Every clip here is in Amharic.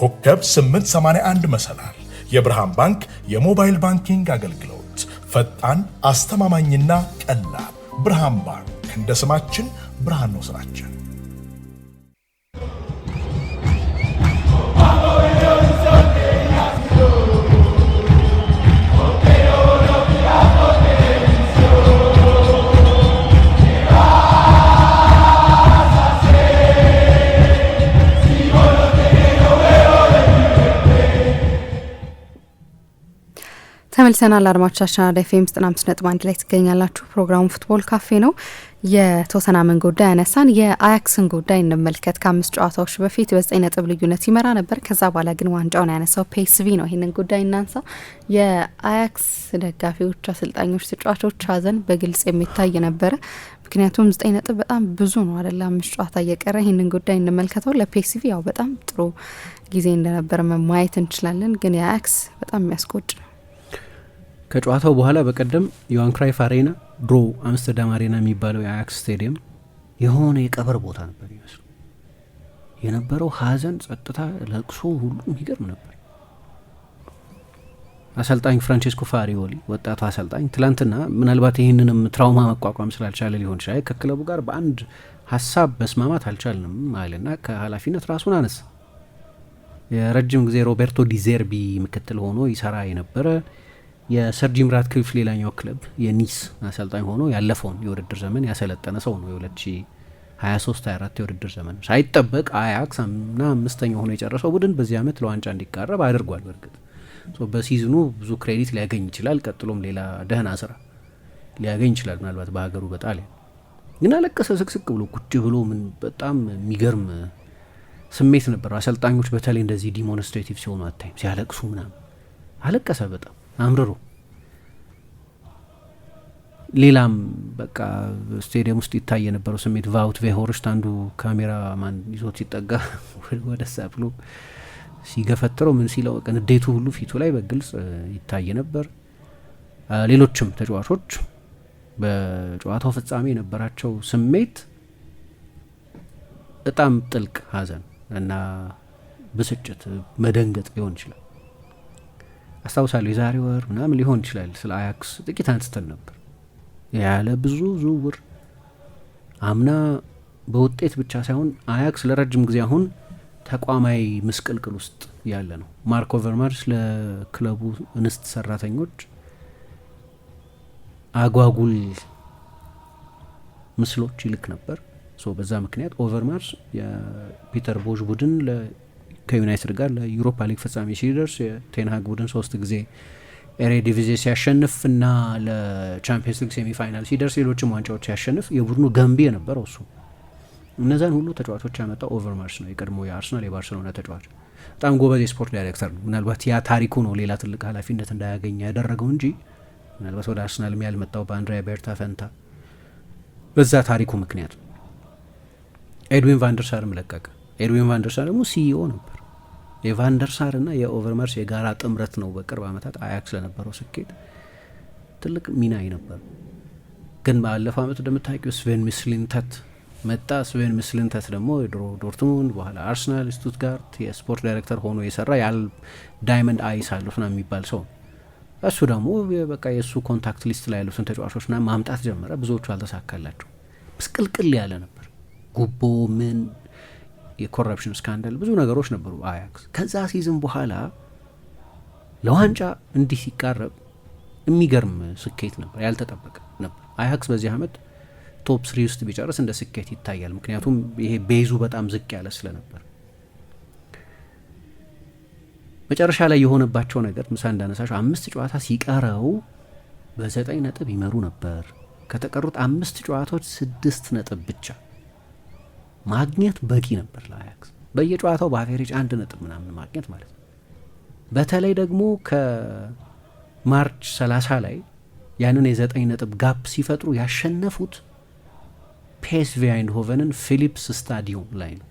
ኮከብ 881 መሰላል የብርሃን ባንክ የሞባይል ባንኪንግ አገልግሎት ፈጣን፣ አስተማማኝና ቀላል። ብርሃን ባንክ እንደ ስማችን ብርሃን ነው ስራችን። ተመልሰናል አድማጮቻችን፣ አራዳ ኤፍ ኤም ዘጠና አምስት ነጥብ አንድ ላይ ትገኛላችሁ። ፕሮግራሙ ፉትቦል ካፌ ነው። የተወሰነ ምን ጉዳይ አነሳን። የአያክስን ጉዳይ እንመልከት። ከአምስት ጨዋታዎች በፊት በዘጠኝ ነጥብ ልዩነት ይመራ ነበር። ከዛ በኋላ ግን ዋንጫውን ያነሳው ፔስቪ ነው። ይህንን ጉዳይ እናንሳ። የአያክስ ደጋፊዎች፣ አሰልጣኞች፣ ተጫዋቾች ሀዘን በግልጽ የሚታይ ነበረ። ምክንያቱም ዘጠኝ ነጥብ በጣም ብዙ ነው አደለ? አምስት ጨዋታ እየቀረ ይህንን ጉዳይ እንመልከተው። ለፔስቪ ያው በጣም ጥሩ ጊዜ እንደነበረ ማየት እንችላለን። ግን የአያክስ በጣም የሚያስቆጭ ከጨዋታው በኋላ በቀደም ዮሐን ክራይፍ አሬና ድሮ አምስተርዳም አሬና የሚባለው የአያክስ ስቴዲየም የሆነ የቀበር ቦታ ነበር ይመስሉ የነበረው ሀዘን ጸጥታ፣ ለቅሶ ሁሉ ይገርም ነበር። አሰልጣኝ ፍራንቼስኮ ፋሪዮሊ ወጣቱ አሰልጣኝ ትላንትና ምናልባት ይህንንም ትራውማ መቋቋም ስላልቻለ ሊሆን ይችላል ከክለቡ ጋር በአንድ ሀሳብ መስማማት አልቻልንም አለና ከኃላፊነት ራሱን አነሳ። የረጅም ጊዜ ሮቤርቶ ዲዜርቢ ምክትል ሆኖ ይሰራ የነበረ የሰርጂ ምራት ክሊፍ ሌላኛው ክለብ የኒስ አሰልጣኝ ሆኖ ያለፈውን የውድድር ዘመን ያሰለጠነ ሰው ነው። የ2023 24 የውድድር ዘመን ሳይጠበቅ አያክስ ና አምስተኛ ሆኖ የጨረሰው ቡድን በዚህ ዓመት ለዋንጫ እንዲቃረብ አድርጓል። በእርግጥ በሲዝኑ ብዙ ክሬዲት ሊያገኝ ይችላል። ቀጥሎም ሌላ ደህና ስራ ሊያገኝ ይችላል። ምናልባት በሀገሩ በጣሊያን ግን አለቀሰ ስቅስቅ ብሎ ቁጭ ብሎ ምን በጣም የሚገርም ስሜት ነበረው። አሰልጣኞች በተለይ እንደዚህ ዲሞንስትሬቲቭ ሲሆኑ አታይም፣ ሲያለቅሱ ምናምን አለቀሰ በጣም አምርሮ ሌላም በቃ ስቴዲየም ውስጥ ይታይ የነበረው ስሜት ቫውት ቬሆርስት አንዱ ካሜራ ማን ይዞት ሲጠጋ ወደ ሳ ብሎ ሲገፈጥረው ምን ሲለው ቀን ንዴቱ ሁሉ ፊቱ ላይ በግልጽ ይታይ ነበር። ሌሎችም ተጫዋቾች በጨዋታው ፍጻሜ የነበራቸው ስሜት በጣም ጥልቅ ሐዘን እና ብስጭት፣ መደንገጥ ሊሆን ይችላል። አስታውሳለሁ የዛሬ ወር ምናምን ሊሆን ይችላል ስለ አያክስ ጥቂት አንስተን ነበር። ያለ ብዙ ዝውውር አምና በውጤት ብቻ ሳይሆን አያክስ ለረጅም ጊዜ አሁን ተቋማዊ ምስቅልቅል ውስጥ ያለ ነው። ማርኮ ቨርማርስ ለክለቡ እንስት ሰራተኞች አጓጉል ምስሎች ይልክ ነበር። በዛ ምክንያት ኦቨርማርስ የፒተር ቦዥ ቡድን ከዩናይትድ ጋር ለዩሮፓ ሊግ ፍጻሜ ሲደርስ የቴንሃግ ቡድን ሶስት ጊዜ ኤሬ ዲቪዜ ሲያሸንፍ እና ለቻምፒየንስ ሊግ ሴሚፋይናል ሲደርስ ሌሎችም ዋንጫዎች ሲያሸንፍ የቡድኑ ገንቢ የነበረው እሱ እነዛን ሁሉ ተጫዋቾች ያመጣው ኦቨርማርስ ነው። የቀድሞ የአርሰናል የባርሰሎና ተጫዋች በጣም ጎበዝ የስፖርት ዳይሬክተር ነው። ምናልባት ያ ታሪኩ ነው ሌላ ትልቅ ሀላፊነት እንዳያገኝ ያደረገው እንጂ ምናልባት ወደ አርሰናልም ያልመጣው በአንድሪያ ቤርታ ፈንታ በዛ ታሪኩ ምክንያት ኤድዊን ቫንደርሳርም ለቀቀ። ኤድዊን ቫንደርሳር ደግሞ ሲኢኦ ነበር። የቫንደርሳር እና የኦቨርማርስ የጋራ ጥምረት ነው በቅርብ ዓመታት አያክስ ለነበረው ስኬት ትልቅ ሚና የነበሩ ግን ባለፈው ዓመት እንደምታውቂው ስቬን ሚስሊንተት መጣ። ስቬን ሚስሊንተት ደግሞ የድሮ ዶርትሙንድ በኋላ አርሰናል፣ ስቱትጋርት የስፖርት ዳይሬክተር ሆኖ የሰራ ያል ዳይመንድ አይስ አሉፍና የሚባል ሰው እሱ ደግሞ በቃ የእሱ ኮንታክት ሊስት ላይ ያሉትን ተጫዋቾችና ማምጣት ጀመረ። ብዙዎቹ አልተሳካላቸው። ምስቅልቅል ያለ ነበር ጉቦ ምን የኮረፕሽን ስካንዳል ብዙ ነገሮች ነበሩ አያክስ። ከዛ ሲዝን በኋላ ለዋንጫ እንዲህ ሲቃረብ የሚገርም ስኬት ነበር፣ ያልተጠበቀ ነበር። አያክስ በዚህ ዓመት ቶፕ ስሪ ውስጥ ቢጨርስ እንደ ስኬት ይታያል። ምክንያቱም ይሄ ቤዙ በጣም ዝቅ ያለ ስለነበር መጨረሻ ላይ የሆነባቸው ነገር ምሳ እንዳነሳቸው አምስት ጨዋታ ሲቀረው በዘጠኝ ነጥብ ይመሩ ነበር። ከተቀሩት አምስት ጨዋታዎች ስድስት ነጥብ ብቻ ማግኘት በቂ ነበር ለአያክስ በየጨዋታው በአቬሬጅ አንድ ነጥብ ምናምን ማግኘት ማለት ነው። በተለይ ደግሞ ከማርች 30 ላይ ያንን የዘጠኝ ነጥብ ጋፕ ሲፈጥሩ ያሸነፉት ፒኤስቪ አይንድሆቨንን ፊሊፕስ ስታዲየም ላይ ነው።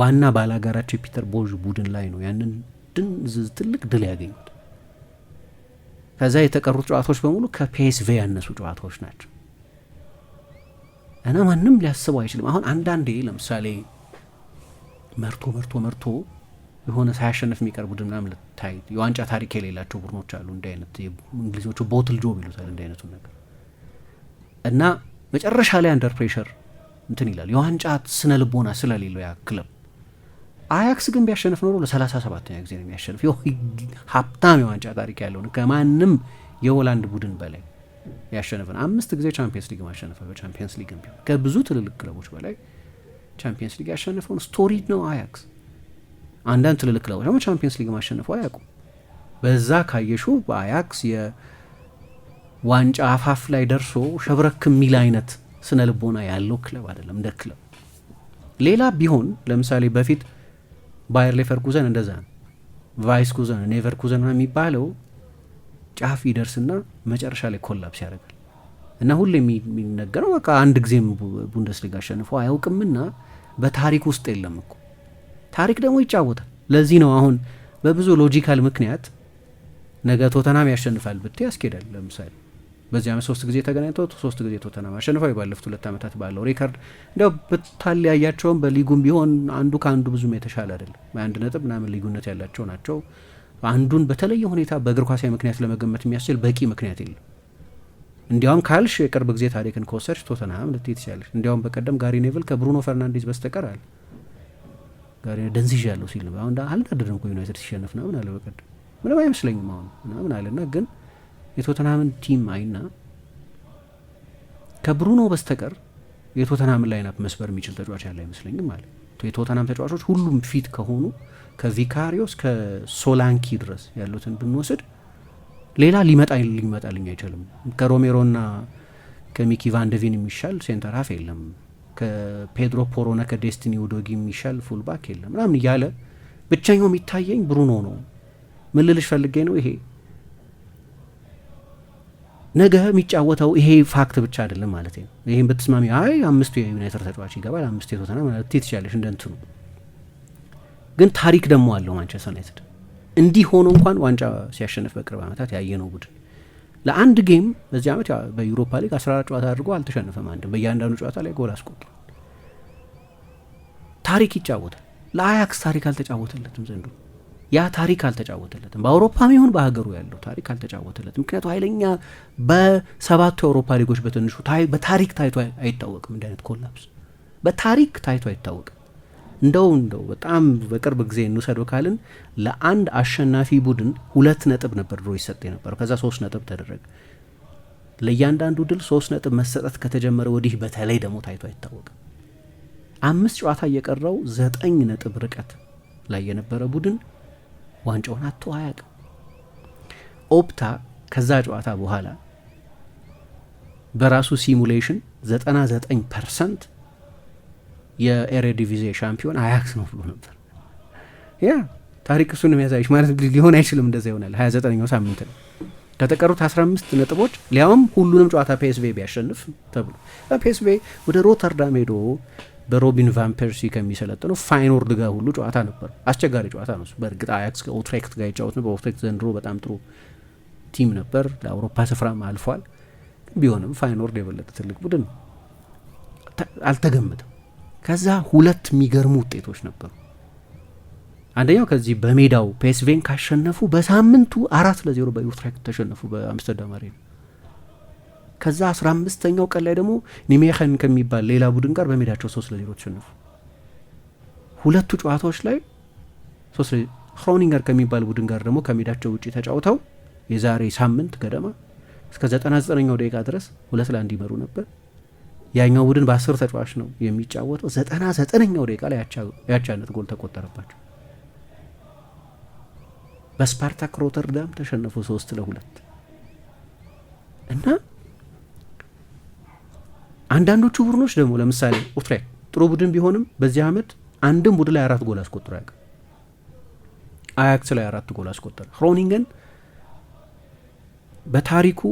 ዋና ባላጋራቸው የፒተር ቦዥ ቡድን ላይ ነው ያንን ትልቅ ድል ያገኙት። ከዛ የተቀሩት ጨዋታዎች በሙሉ ከፒኤስቪ ያነሱ ጨዋታዎች ናቸው። እና ማንም ሊያስበው አይችልም። አሁን አንዳንዴ ለምሳሌ መርቶ መርቶ መርቶ የሆነ ሳያሸንፍ የሚቀር ቡድን ምናምን ልታይ የዋንጫ ታሪክ የሌላቸው ቡድኖች አሉ። እንዲህ አይነት እንግሊዞቹ ቦትል ጆብ ይሉታል እንዲህ አይነቱ ነገር እና መጨረሻ ላይ አንደር ፕሬሽር እንትን ይላል። የዋንጫ ስነ ልቦና ስለሌለው ያ ክለብ። አያክስ ግን ቢያሸንፍ ኖሮ ለሰላሳ ሰባተኛ ጊዜ ነው የሚያሸንፍ። ሀብታም የዋንጫ ታሪክ ያለውን ከማንም የሆላንድ ቡድን በላይ ያሸነፈን አምስት ጊዜ ቻምፒየንስ ሊግ ማሸነፈ በቻምፒየንስ ሊግ ቢሆን ከብዙ ትልልቅ ክለቦች በላይ ቻምፒየንስ ሊግ ያሸነፈውን ስቶሪድ ነው አያክስ። አንዳንድ ትልልቅ ክለቦች ደግሞ ቻምፒየንስ ሊግ ማሸነፈው አያውቁም። በዛ ካየሹ በአያክስ የዋንጫ አፋፍ ላይ ደርሶ ሸብረክ የሚል አይነት ስነ ልቦና ያለው ክለብ አይደለም እንደ ክለብ። ሌላ ቢሆን ለምሳሌ በፊት ባየር ሌቨርኩዘን እንደዛ ነው፣ ቫይስ ኩዘን ኔቨር ኩዘን የሚባለው ጫፍ ይደርስና መጨረሻ ላይ ኮላፕስ ያደርጋል እና ሁሉ የሚነገረው በቃ አንድ ጊዜም ቡንደስሊጋ አሸንፎ አያውቅምና በታሪክ ውስጥ የለም እኮ ታሪክ ደግሞ ይጫወታል። ለዚህ ነው አሁን በብዙ ሎጂካል ምክንያት ነገ ቶተናም ያሸንፋል ብትይ ያስኬዳል። ለምሳሌ በዚህ ዓመት ሶስት ጊዜ ተገናኝተው ሶስት ጊዜ ቶተናም አሸንፋዊ ባለፉት ሁለት ዓመታት ባለው ሪከርድ እንዲያው ያያቸውም በሊጉም ቢሆን አንዱ ከአንዱ ብዙም የተሻለ አይደለም። አንድ ነጥብ ምናምን ልዩነት ያላቸው ናቸው። አንዱን በተለየ ሁኔታ በእግር ኳሳዊ ምክንያት ለመገመት የሚያስችል በቂ ምክንያት የለም። እንዲያውም ካልሽ የቅርብ ጊዜ ታሪክን ከወሰድሽ ቶተንሃም ልትይ ትችላለሽ። እንዲያውም በቀደም ጋሪ ኔቭል ከብሩኖ ፈርናንዴዝ በስተቀር አለ ጋሪ ደንዝዣ ያለው ሲል ነበር። አሁን አልናደድም ዩናይትድ ሲሸነፍ ና አለ በቀደም ምንም አይመስለኝም አሁን ምናምን አለና ግን የቶተንሃምን ቲም አይና ከብሩኖ በስተቀር የቶተንሃምን ላይናፕ መስበር የሚችል ተጫዋች ያለ አይመስለኝም አለ የቶተናም ተጫዋቾች ሁሉም ፊት ከሆኑ ከቪካሪዮስ ከሶላንኪ ድረስ ያሉትን ብንወስድ ሌላ ሊመጣ ሊመጣልኝ አይችልም። ከሮሜሮና ከሚኪ ቫንደቪን የሚሻል ሴንተር ሀፍ የለም። ከፔድሮ ፖሮና ከዴስቲኒ ውዶጊ የሚሻል ፉልባክ የለም ምናምን እያለ ብቸኛው የሚታየኝ ብሩኖ ነው። ምልልሽ ፈልጌ ነው ይሄ ነገ የሚጫወተው ይሄ ፋክት ብቻ አይደለም ማለት ነው። ይህም በተስማሚ አይ አምስቱ የዩናይትድ ተጫዋች ይገባል አምስቱ የቶተና ማለት ትችላለሽ እንደ ግን ታሪክ ደግሞ አለው ማንቸስተር ዩናይትድ እንዲህ ሆኖ እንኳን ዋንጫ ሲያሸንፍ በቅርብ ዓመታት ያየነው ቡድን ለአንድ ጌም በዚህ ዓመት በዩሮፓ ሊግ አስራ አራት ጨዋታ አድርጎ አልተሸነፈም። አንድም በእያንዳንዱ ጨዋታ ላይ ጎል አስቆጥሯል። ታሪክ ይጫወታል። ለአያክስ ታሪክ አልተጫወተለትም ዘንድሮ። ያ ታሪክ አልተጫወተለትም። በአውሮፓም ይሁን በሀገሩ ያለው ታሪክ አልተጫወተለትም። ምክንያቱ ኃይለኛ በሰባቱ የአውሮፓ ሊጎች በትንሹ በታሪክ ታይቶ አይታወቅም። እንዲህ አይነት ኮላፕስ በታሪክ ታይቶ አይታወቅም። እንደው እንደው በጣም በቅርብ ጊዜ እንውሰደው ካልን ለአንድ አሸናፊ ቡድን ሁለት ነጥብ ነበር ድሮ ይሰጥ የነበረው። ከዛ ሶስት ነጥብ ተደረገ። ለእያንዳንዱ ድል ሶስት ነጥብ መሰጠት ከተጀመረ ወዲህ በተለይ ደግሞ ታይቶ አይታወቅም። አምስት ጨዋታ እየቀረው ዘጠኝ ነጥብ ርቀት ላይ የነበረ ቡድን ዋንጫውን አቶ አያውቅም። ኦፕታ ከዛ ጨዋታ በኋላ በራሱ ሲሙሌሽን 99 ፐርሰንት የኤሬዲቪዜ ሻምፒዮን አያክስ ነው ብሎ ነበር። ያ ታሪክ እሱን የሚያሳይች ማለት ሊሆን አይችልም። እንደዛ ይሆናል። 29ኛው ሳምንት ነው ከተቀሩት 15 ነጥቦች ሊያውም ሁሉንም ጨዋታ ፒኤስቬ ቢያሸንፍ ተብሎ ፒኤስቬ ወደ ሮተርዳም ሄዶ በሮቢን ቫን ፐርሲ ከሚሰለጥነው ፋይኖርድ ጋር ሁሉ ጨዋታ ነበር። አስቸጋሪ ጨዋታ ነው። በእርግጥ አያክስ ከኦትሬክት ጋር ይጫወት ነው። በኦትሬክት ዘንድሮ በጣም ጥሩ ቲም ነበር፣ ለአውሮፓ ስፍራም አልፏል። ቢሆንም ፋይኖርድ የበለጠ ትልቅ ቡድን አልተገመተም። ከዛ ሁለት የሚገርሙ ውጤቶች ነበሩ። አንደኛው ከዚህ በሜዳው ፔስቬን ካሸነፉ በሳምንቱ አራት ለዜሮ በዩትሬክት ተሸነፉ በአምስተርዳም አሬና ከዛ አስራ አምስተኛው ቀን ላይ ደግሞ ኒሜኸን ከሚባል ሌላ ቡድን ጋር በሜዳቸው ሶስት ለዜሮ ተሸነፉ። ሁለቱ ጨዋታዎች ላይ ሶስት ክሮኒንገር ከሚባል ቡድን ጋር ደግሞ ከሜዳቸው ውጭ ተጫውተው የዛሬ ሳምንት ገደማ እስከ 99ኛው ደቂቃ ድረስ ሁለት ለአንድ ይመሩ ነበር። ያኛው ቡድን በአስር ተጫዋች ነው የሚጫወተው። 99ኛው ደቂቃ ላይ ያቻነት ጎል ተቆጠረባቸው። በስፓርታክ ሮተርዳም ተሸነፉ ሶስት ለሁለት እና አንዳንዶቹ ቡድኖች ደግሞ ለምሳሌ ኡትሬክት ጥሩ ቡድን ቢሆንም በዚህ አመት አንድም ቡድን ላይ አራት ጎል አስቆጥሮ ያቅ አያክስ ላይ አራት ጎል አስቆጠረ። ክሮኒንገን በታሪኩ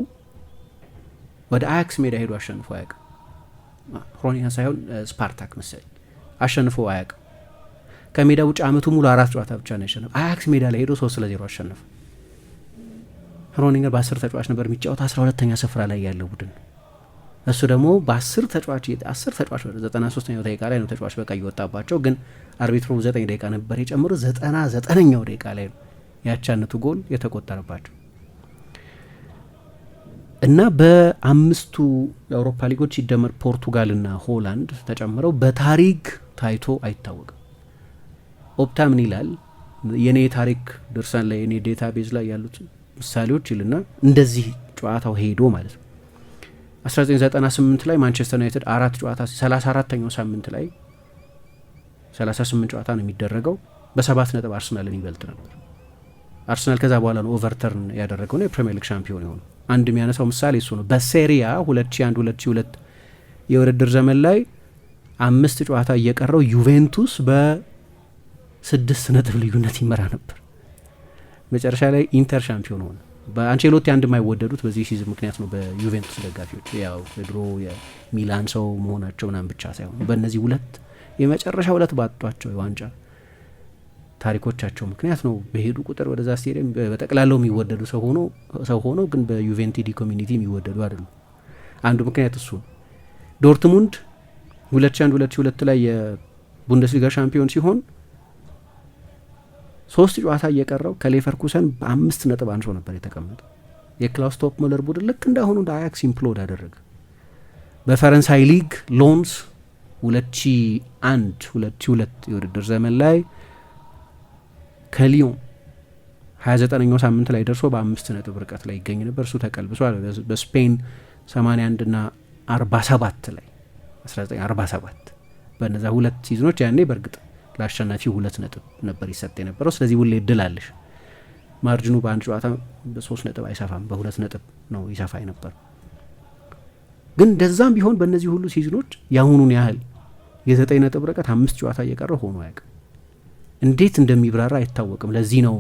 ወደ አያክስ ሜዳ ሄዶ አሸንፎ አያቅ። ክሮኒንገን ሳይሆን ስፓርታክ መሰለኝ አሸንፎ አያቅ ከሜዳ ውጭ አመቱ ሙሉ አራት ጨዋታ ብቻ ነው ያሸነፈ። አያክስ ሜዳ ላይ ሄዶ ሶስት ለዜሮ አሸነፈ። ክሮኒንገን በአስር ተጫዋች ነበር የሚጫወት አስራ ሁለተኛ ስፍራ ላይ ያለው ቡድን ነው። እሱ ደግሞ በአስር ተጫዋች አስር ተጫዋች ዘጠና ሶስተኛው ደቂቃ ላይ ነው ተጫዋች በቃ እየወጣባቸው ግን አርቢትሩ ዘጠኝ ደቂቃ ነበር የጨምሩ ዘጠና ዘጠነኛው ደቂቃ ላይ ነው ያቻነቱ ጎል የተቆጠረባቸው እና በአምስቱ የአውሮፓ ሊጎች ሲደመር ፖርቱጋልና ሆላንድ ተጨምረው በታሪክ ታይቶ አይታወቅም። ኦፕታ ምን ይላል? የእኔ የታሪክ ድርሳን ላይ የኔ ዴታ ቤዝ ላይ ያሉት ምሳሌዎች ይልና እንደዚህ ጨዋታው ሄዶ ማለት ነው 1998 ላይ ማንቸስተር ዩናይትድ አራት ጨዋታ 34ተኛው ሳምንት ላይ 38 ጨዋታ ነው የሚደረገው በሰባት ነጥብ አርሰናልን ይበልጥ ነበር። አርሰናል ከዛ በኋላ ነው ኦቨርተርን ነው የፕሪሚየር ሊግ ሻምፒዮን የሆኑ አንድ የሚያነሳው ምሳሌ እሱ ነው። በሴሪያ 2001 2002 የውድድር ዘመን ላይ አምስት ጨዋታ እየቀረው ዩቬንቱስ በስድስት ነጥብ ልዩነት ይመራ ነበር። መጨረሻ ላይ ኢንተር ሻምፒዮን ሆነ። በአንቸሎቲ አንድ የማይወደዱት በዚህ ሲዝን ምክንያት ነው። በዩቬንቱስ ደጋፊዎች ያው ድሮ የሚላን ሰው መሆናቸው ምናምን ብቻ ሳይሆን በእነዚህ ሁለት የመጨረሻ ሁለት ባጧቸው የዋንጫ ታሪኮቻቸው ምክንያት ነው። በሄዱ ቁጥር ወደዛ ስቴዲየም በጠቅላላው የሚወደዱ ሰው ሆኖ ግን በዩቬንቲዲ ኮሚኒቲ የሚወደዱ አይደሉም። አንዱ ምክንያት እሱ ነው። ዶርትሙንድ 2001 2002 ላይ የቡንደስሊጋ ሻምፒዮን ሲሆን ሶስት ጨዋታ እየቀረው ከሌቨርኩሰን በአምስት ነጥብ አንሶ ነበር የተቀመጠው። የክላውስ ቶፕ መለር ቡድን ልክ እንዳሁኑ እንደ አያክስ ኢምፕሎድ አደረገ። በፈረንሳይ ሊግ ሎንስ 2001 2002 የውድድር ዘመን ላይ ከሊዮን 29ኛው ሳምንት ላይ ደርሶ በአምስት ነጥብ ርቀት ላይ ይገኝ ነበር። እሱ ተቀልብሷል። በስፔን 81 ና 47 ላይ 1947 በእነዛ ሁለት ሲዝኖች ያኔ በእርግጥ ለአሸናፊው ሁለት ነጥብ ነበር ይሰጥ የነበረው። ስለዚህ ሁሌ እድል አለሽ። ማርጅኑ በአንድ ጨዋታ በሶስት ነጥብ አይሰፋም፣ በሁለት ነጥብ ነው ይሰፋ የነበረው። ግን እንደዛም ቢሆን በእነዚህ ሁሉ ሲዝኖች የአሁኑን ያህል የዘጠኝ ነጥብ ርቀት አምስት ጨዋታ እየቀረ ሆኖ አያውቅም። እንዴት እንደሚብራራ አይታወቅም። ለዚህ ነው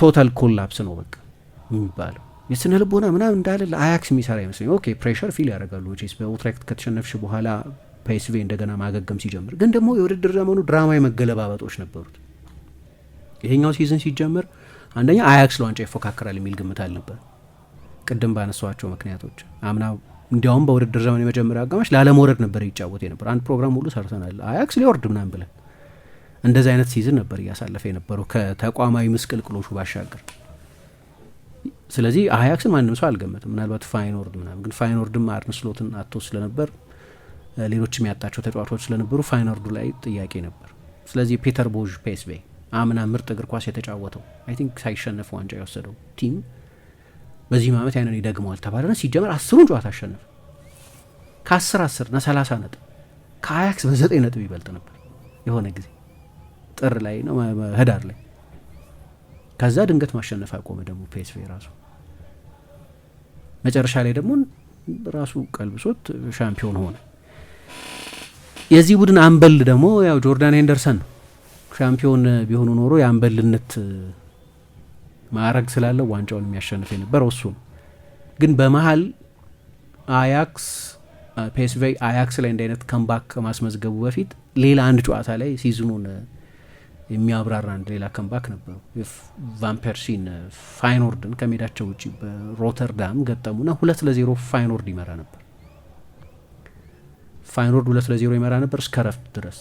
ቶታል ኮላፕስ ነው በቃ የሚባለው የስነ ልቦና ምናምን እንዳለ ለአያክስ የሚሰራ ይመስለኝ። ኦኬ ፕሬሽር ፊል ያደርጋሉ ስ ከተሸነፍሽ በኋላ ፔስቬ እንደገና ማገገም ሲጀምር ግን ደግሞ የውድድር ዘመኑ ድራማዊ መገለባበጦች ነበሩት። ይሄኛው ሲዝን ሲጀምር አንደኛ አያክስ ለዋንጫ ይፎካከራል የሚል ግምት አልነበር፣ ቅድም ባነሷቸው ምክንያቶች። አምና እንዲያውም በውድድር ዘመን የመጀመሪያ አጋማሽ ላለመውረድ ነበር ይጫወት የነበር። አንድ ፕሮግራም ሁሉ ሰርተናል፣ አያክስ ሊወርድ ምናምን ብለን። እንደዚህ አይነት ሲዝን ነበር እያሳለፈ የነበረው ከተቋማዊ ምስቅልቅሎቹ ባሻገር። ስለዚህ አያክስን ማንም ሰው አልገመትም። ምናልባት ፋይኖርድ ምናምን፣ ግን ፋይኖርድም አርነ ስሎትን አቶ ስለነበር ሌሎችም ያጣቸው ተጫዋቾች ስለነበሩ ፋይነርዱ ላይ ጥያቄ ነበር። ስለዚህ ፔተር ቦዥ ፔስቬ አምና ምርጥ እግር ኳስ የተጫወተው አይ ቲንክ ሳይሸነፍ ዋንጫ የወሰደው ቲም በዚህም ዓመት ያንን ይደግመዋል ተባለና ሲጀመር አስሩን ጨዋታ አሸነፈ። ከአስር አስር ነ ሰላሳ ነጥብ ከአያክስ በዘጠኝ ነጥብ ይበልጥ ነበር የሆነ ጊዜ ጥር ላይ ነው ህዳር ላይ ከዛ ድንገት ማሸነፍ አቆመ። ደግሞ ፒኤስቪ ራሱ መጨረሻ ላይ ደግሞ ራሱ ቀልብሶት ሻምፒዮን ሆነ። የዚህ ቡድን አምበል ደግሞ ያው ጆርዳን ሄንደርሰን ነው። ሻምፒዮን ቢሆኑ ኖሮ የአምበልነት ማዕረግ ስላለው ዋንጫውን የሚያሸንፍ የነበረው እሱ ነው። ግን በመሀል አያክስ ፔስቬ አያክስ ላይ እንዲህ አይነት ከምባክ ከማስመዝገቡ በፊት ሌላ አንድ ጨዋታ ላይ ሲዝኑን የሚያብራራ አንድ ሌላ ከምባክ ነበሩ። ቫምፐርሲን ፋይኖርድን ከሜዳቸው ውጭ በሮተርዳም ገጠሙና ሁለት ለዜሮ ፋይኖርድ ይመራ ነበር። ፋይኖርድ ሁለት ለዜሮ ይመራ ነበር እስከ ረፍት ድረስ።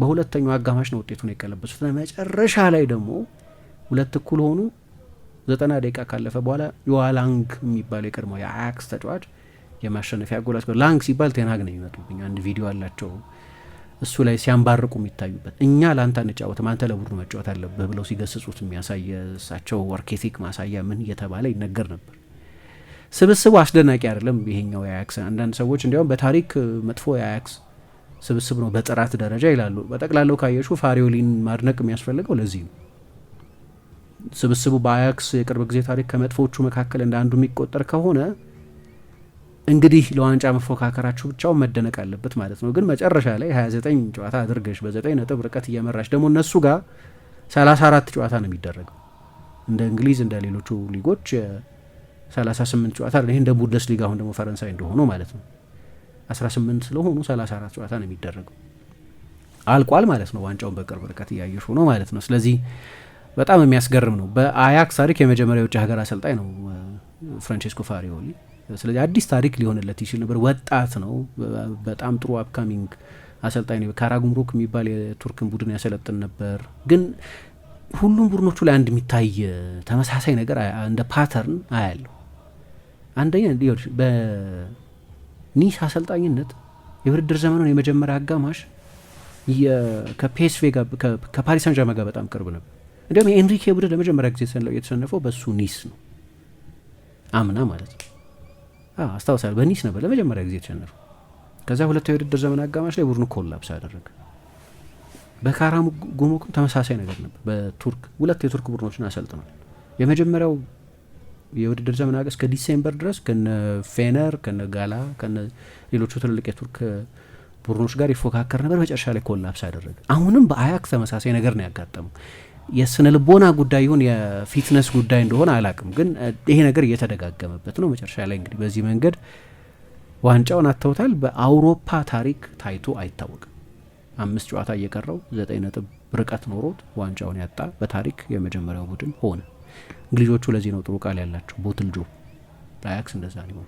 በሁለተኛው አጋማሽ ነው ውጤቱን የቀለበሱት። ለመጨረሻ ላይ ደግሞ ሁለት እኩል ሆኑ። ዘጠና ደቂቃ ካለፈ በኋላ ዮዋላንግ የሚባለው የቀድሞ የአያክስ ተጫዋች የማሸነፊያ ጎል ላንግ ሲባል ቴናግ ነው የሚመጡብኝ። አንድ ቪዲዮ አላቸው እሱ ላይ ሲያንባርቁ የሚታዩበት እኛ ለአንተ አንጫወትም፣ አንተ ለቡድኑ መጫወት አለብህ ብለው ሲገስጹት የሚያሳየ እሳቸው ወርክ ማሳያ ምን እየተባለ ይነገር ነበር። ስብስቡ አስደናቂ አይደለም። ይሄኛው የአያክስ አንዳንድ ሰዎች እንዲያውም በታሪክ መጥፎ የአያክስ ስብስብ ነው በጥራት ደረጃ ይላሉ። በጠቅላላው ካየሹ ፋሪዮሊን ማድነቅ የሚያስፈልገው ለዚህ ነው። ስብስቡ በአያክስ የቅርብ ጊዜ ታሪክ ከመጥፎቹ መካከል እንደ አንዱ የሚቆጠር ከሆነ እንግዲህ ለዋንጫ መፎካከራችሁ ብቻውን መደነቅ አለበት ማለት ነው። ግን መጨረሻ ላይ 29 ጨዋታ አድርገሽ በ9 ነጥብ ርቀት እየመራሽ ደግሞ እነሱ ጋር 34 ጨዋታ ነው የሚደረገው እንደ እንግሊዝ እንደ ሌሎቹ ሊጎች 38 ጨዋታ አለ። ይህ እንደ ሊጋ አሁን ደግሞ ፈረንሳይ እንደሆኑ ማለት ነው። 18 ስምንት ስለሆኑ ሰላሳ ጨዋታ ነው የሚደረገው። አልቋል ማለት ነው። ዋንጫውን በቅርብ ርቀት እያየሽ ሆኖ ማለት ነው። ስለዚህ በጣም የሚያስገርም ነው። በአያክስ ታሪክ የመጀመሪያ የውጭ ሀገር አሰልጣኝ ነው ፍራንቼስኮ ፋሪዮሊ። ስለዚህ አዲስ ታሪክ ሊሆንለት ይችል ነበር። ወጣት ነው። በጣም ጥሩ አፕካሚንግ አሰልጣኝ ነው። ካራጉምሩክ የሚባል የቱርክን ቡድን ያሰለጥን ነበር። ግን ሁሉም ቡድኖቹ ላይ አንድ የሚታይ ተመሳሳይ ነገር እንደ ፓተርን አያለሁ አንደኛ ሊሆን በኒስ አሰልጣኝነት የውድድር ዘመኑን የመጀመሪያ አጋማሽ ከፔስቬ ከፓሪስ ጃማ ጋር በጣም ቅርብ ነበር። እንዲሁም የኤንሪኬ ቡድን ለመጀመሪያ ጊዜ የተሸነፈው በእሱ ኒስ ነው፣ አምና ማለት ነው። አስታውሳለሁ፣ በኒስ ነበር ለመጀመሪያ ጊዜ የተሸነፈው። ከዛ ሁለቱ የውድድር ዘመን አጋማሽ ላይ ቡድኑ ኮላፕስ አደረገ። በካራሙ ጉሞክም ተመሳሳይ ነገር ነበር። በቱርክ ሁለት የቱርክ ቡድኖችን አሰልጥኗል። የመጀመሪያው የውድድር ዘመን እስከ ዲሴምበር ድረስ ከነ ፌነር ከነ ጋላ ከነ ሌሎቹ ትልልቅ የቱርክ ቡድኖች ጋር ይፎካከር ነበር። መጨረሻ ላይ ኮላፕስ አደረገ። አሁንም በአያክ ተመሳሳይ ነገር ነው ያጋጠመው። የስነ ልቦና ጉዳይ ይሁን የፊትነስ ጉዳይ እንደሆነ አላቅም፣ ግን ይሄ ነገር እየተደጋገመበት ነው። መጨረሻ ላይ እንግዲህ በዚህ መንገድ ዋንጫውን አጥተውታል። በአውሮፓ ታሪክ ታይቶ አይታወቅም። አምስት ጨዋታ እየቀረው ዘጠኝ ነጥብ ርቀት ኖሮት ዋንጫውን ያጣ በታሪክ የመጀመሪያው ቡድን ሆነ። እንግሊዞቹ ለዚህ ነው ጥሩ ቃል ያላቸው ቦትል ጆ ለአያክስ እንደዛ ነው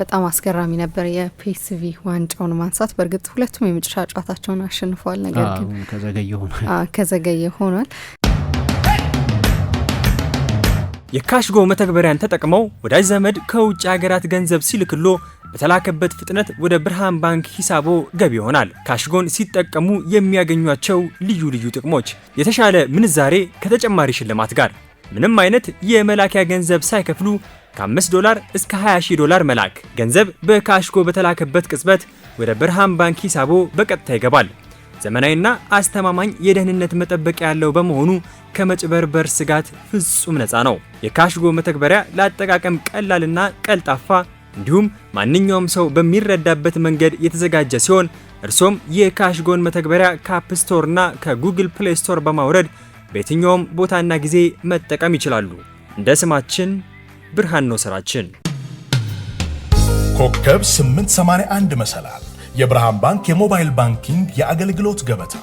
በጣም አስገራሚ ነበር የፒኤስቪ ዋንጫውን ማንሳት። በእርግጥ ሁለቱም የመጨረሻ ጨዋታቸውን አሸንፈዋል። ነገር ግን ከዘገየ ሆኗል ከዘገየ ሆኗል። የካሽጎ መተግበሪያን ተጠቅመው ወዳጅ ዘመድ ከውጭ ሀገራት ገንዘብ ሲልክሎ በተላከበት ፍጥነት ወደ ብርሃን ባንክ ሂሳቦ ገቢ ይሆናል። ካሽጎን ሲጠቀሙ የሚያገኟቸው ልዩ ልዩ ጥቅሞች የተሻለ ምንዛሬ ከተጨማሪ ሽልማት ጋር ምንም አይነት የመላኪያ ገንዘብ ሳይከፍሉ ከ5 ዶላር እስከ 20 ዶላር መላክ፣ ገንዘብ በካሽጎ በተላከበት ቅጽበት ወደ ብርሃን ባንክ ሂሳቦ በቀጥታ ይገባል። ዘመናዊና አስተማማኝ የደህንነት መጠበቂያ ያለው በመሆኑ ከመጭበርበር ስጋት ፍጹም ነፃ ነው። የካሽጎ መተግበሪያ ለአጠቃቀም ቀላልና ቀልጣፋ እንዲሁም ማንኛውም ሰው በሚረዳበት መንገድ የተዘጋጀ ሲሆን እርሶም የካሽጎን መተግበሪያ ከአፕ ስቶር እና ከጉግል ፕሌይ ስቶር በማውረድ በየትኛውም ቦታና ጊዜ መጠቀም ይችላሉ። እንደ ስማችን ብርሃን ነው ስራችን። ኮከብ 881 መሰላል የብርሃን ባንክ የሞባይል ባንኪንግ የአገልግሎት ገበታ።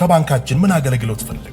ከባንካችን ምን አገልግሎት ፈልጉ?